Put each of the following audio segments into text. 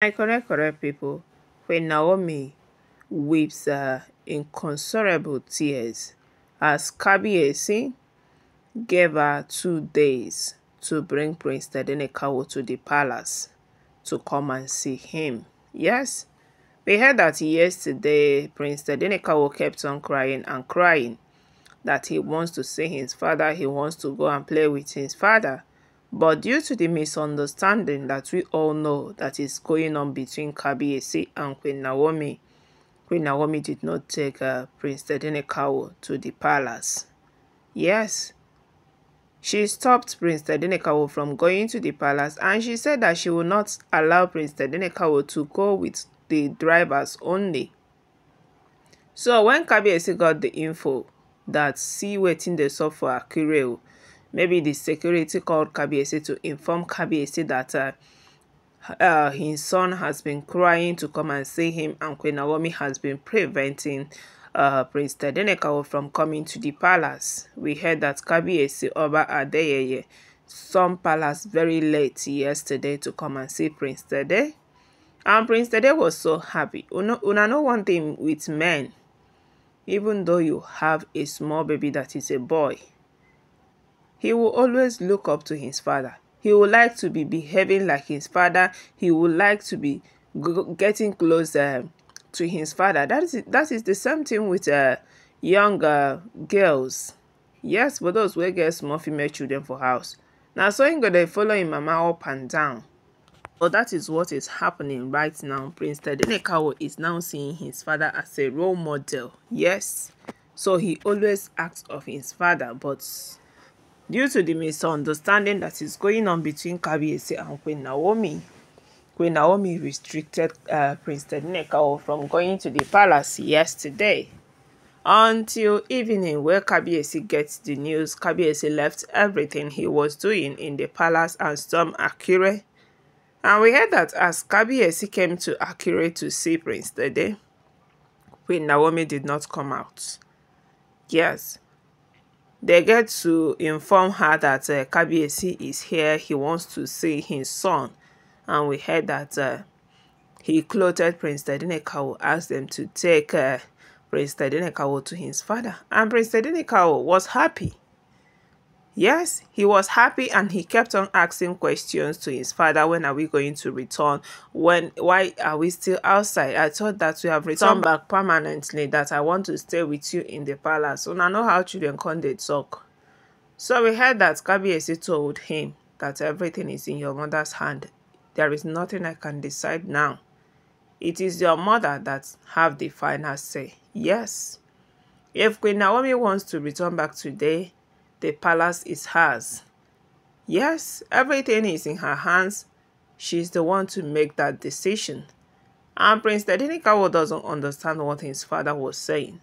My correct, correct people, when Naomi weeps uh, inconsolable tears as Kabiesi gave her two days to bring Prince Tadenekawo to the palace to come and see him. Yes, we heard that yesterday Prince Tadenekawo kept on crying and crying that he wants to see his father, he wants to go and play with his father. But due to the misunderstanding that we all know that is going on between Kabiase and Queen Naomi, Queen Naomi did not take uh, Prince Tedenekawo to the palace. Yes, she stopped Prince Tedenekawo from going to the palace and she said that she would not allow Prince Tedenekawo to go with the drivers only. So when Kabiase got the info that see waiting the for Akireo, Maybe the security called Kabiesi to inform Kabiesi that uh, uh, his son has been crying to come and see him and Queen Naomi has been preventing uh, Prince Tedenekawo from coming to the palace. We heard that Kabiesi Oba Adeyeye some palace very late yesterday to come and see Prince Tede. And Prince Tede was so happy. Una, una no one thing with men, even though you have a small baby that is a boy. He will always look up to his father. He would like to be behaving like his father. He would like to be getting closer um, to his father. That is that is the same thing with uh, younger uh, girls. Yes, but those were get small female children for house. Now, so you're go to follow him mama up and down. But that is what is happening right now. Prince Tedenekawo is now seeing his father as a role model. Yes. So he always acts of his father, but Due to the misunderstanding that is going on between Kabiesi and Queen Naomi, Queen Naomi restricted uh, Prince Tednekao from going to the palace yesterday. Until evening, where Kabiesi gets the news, Kabiesi left everything he was doing in the palace and stormed Akure. And we heard that as Kabiesi came to Akure to see Prince Tede, Queen Naomi did not come out. Yes, they get to inform her that uh, Kabiesi is here. He wants to see his son. And we heard that uh, he clothed Prince Tedinekawo, asked them to take uh, Prince Tedinekawo to his father. And Prince Tedinekawo was happy Yes, he was happy and he kept on asking questions to his father. When are we going to return? When? Why are we still outside? I thought that we have returned back permanently, that I want to stay with you in the palace. So I know how children conduct. they talk. So we heard that Kabiesi told him that everything is in your mother's hand. There is nothing I can decide now. It is your mother that have the final say. Yes. If Queen Naomi wants to return back today, the palace is hers. Yes, everything is in her hands. She's the one to make that decision. And Prince Tedinikawa doesn't understand what his father was saying.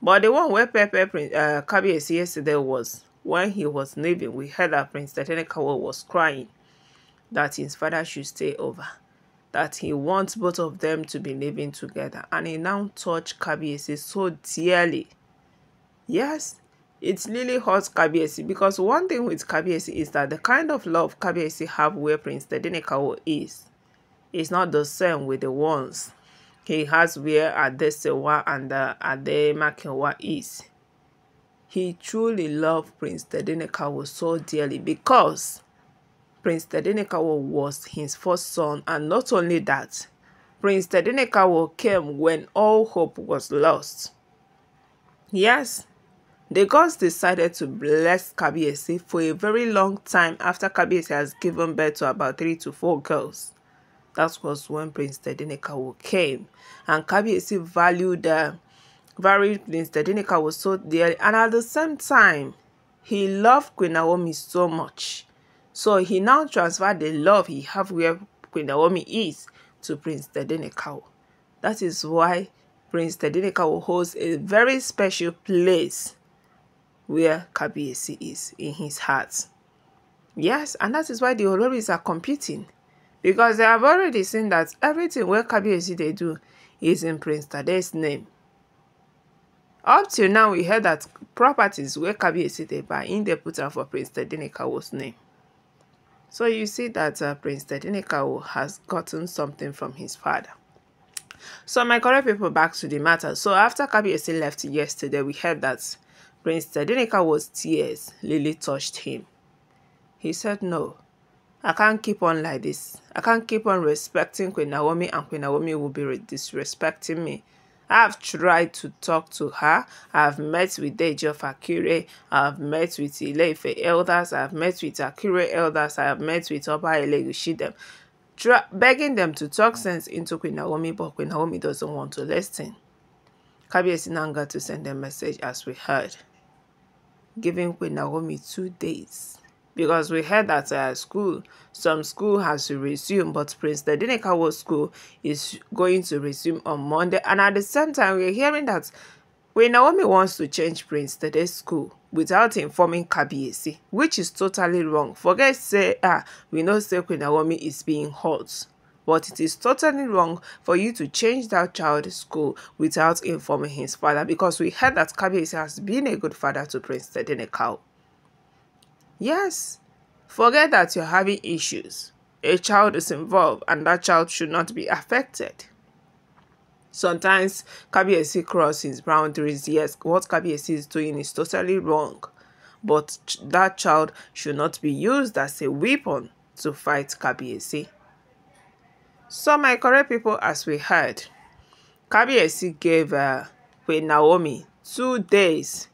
But the one where Pepe Prince, uh, yesterday was, when he was leaving, we heard that Prince Tedinikawa was crying that his father should stay over, that he wants both of them to be living together. And he now touched Kabiesi so dearly. Yes, it really hurts Kabiesi because one thing with Kabiesi is that the kind of love Kabiesi have where Prince Tedenekawo is, is not the same with the ones he has where Adesewa and uh, Ademakewa is. He truly loved Prince Tedenekawo so dearly because Prince Tedenekawo was his first son and not only that, Prince Tedenekawo came when all hope was lost. Yes, the gods decided to bless Kabiesi for a very long time after Kabiesi has given birth to about 3 to 4 girls. That was when Prince Tedinekau came and Kabiesi valued uh, valued Prince Tedinekawo so dearly and at the same time he loved Queen Naomi so much. So he now transferred the love he have where Queen Naomi is to Prince Tedinekau. That is why Prince Tedinekau holds a very special place where Kabiesi is in his heart. Yes, and that is why the Oloris are competing. Because they have already seen that everything where Kabiesi they do is in Prince Tade's name. Up till now, we heard that properties where Kabiesi they buy in the put for Prince Tadenikawo's name. So you see that uh, Prince Tadenikawo has gotten something from his father. So my correct people back to the matter. So after Kabiesi left yesterday, we heard that Prince was tears Lily touched him. He said, no, I can't keep on like this. I can't keep on respecting Queen Naomi and Queen Naomi will be disrespecting me. I've tried to talk to her. I've met with Dejo Fakire. I've met with Ileife elders. I've met with Akire elders. I've met with Oba Elegushidem. Begging them to talk sense into Queen Naomi, but Queen Naomi doesn't want to listen. Kabi Sinanga to send a message as we heard. giving Queen Naomi two days. Because we heard that uh, school, some school has to resume, but Prince Dedinekawo school is going to resume on Monday. And at the same time, we're hearing that Queen Naomi wants to change Prince Dede's school without informing Kabiesi, which is totally wrong. Forget say, ah, we know say Queen Naomi is being hurt. but it is totally wrong for you to change that child's school without informing his father because we heard that Kabiyesi has been a good father to Prince Tedenekau. Yes, forget that you're having issues. A child is involved and that child should not be affected. Sometimes Kabiyesi crosses boundaries. Yes, what Kabiyesi is doing is totally wrong. But that child should not be used as a weapon to fight Kabiyesi. So my correct people, as we heard, Kabiesi gave uh, Queen Naomi two days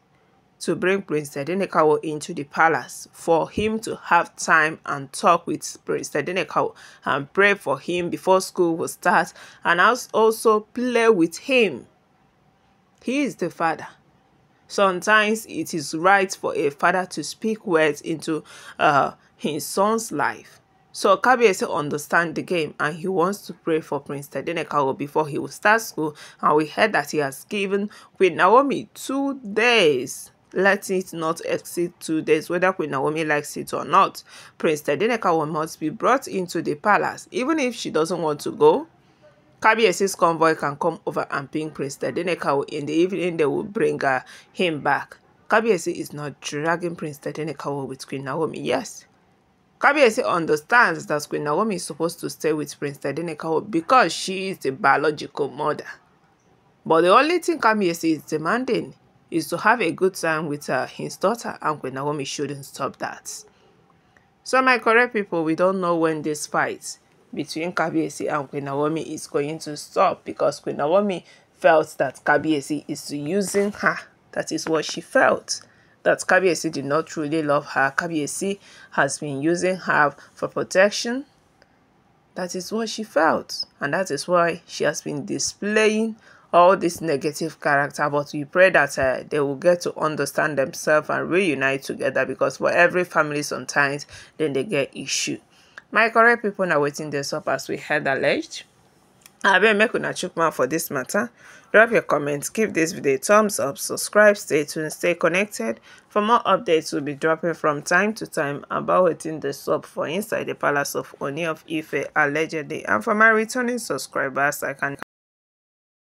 to bring Prince Tedenekawo into the palace for him to have time and talk with Prince Tedenekawo and pray for him before school will start and also play with him. He is the father. Sometimes it is right for a father to speak words into uh, his son's life so Kabiesi understands the game and he wants to pray for Prince Tedenekawo before he will start school and we heard that he has given Queen Naomi two days let it not exceed two days whether Queen Naomi likes it or not. Prince Tedenekawo must be brought into the palace even if she doesn't want to go. Kabiesi's convoy can come over and ping Prince Tedenekawo in the evening they will bring uh, him back. Kabiesi is not dragging Prince Tedenekawo with Queen Naomi, yes. Kabiyesi understands that Queen Naomi is supposed to stay with Prince Tadenikawo because she is the biological mother. But the only thing Kabiyesi is demanding is to have a good time with his daughter and Queen Naomi shouldn't stop that. So my correct people, we don't know when this fight between Kabiyesi and Queen Naomi is going to stop because Queen Naomi felt that Kabiyesi is using her. That is what she felt that Kabiesi did not truly love her. Kabiesi has been using her for protection. That is what she felt. And that is why she has been displaying all this negative character. But we pray that uh, they will get to understand themselves and reunite together because for every family sometimes, then they get issue. My correct people are waiting this up as we had alleged. abeg make una chook mouth for dis mata drop your comment give dis video a thumbs up subscribe stay tuned stay connected for more updates we'll be dropping from time to time about wetin dey sup for inside the palace of oni of ife allegedly and for my returning subscribers i can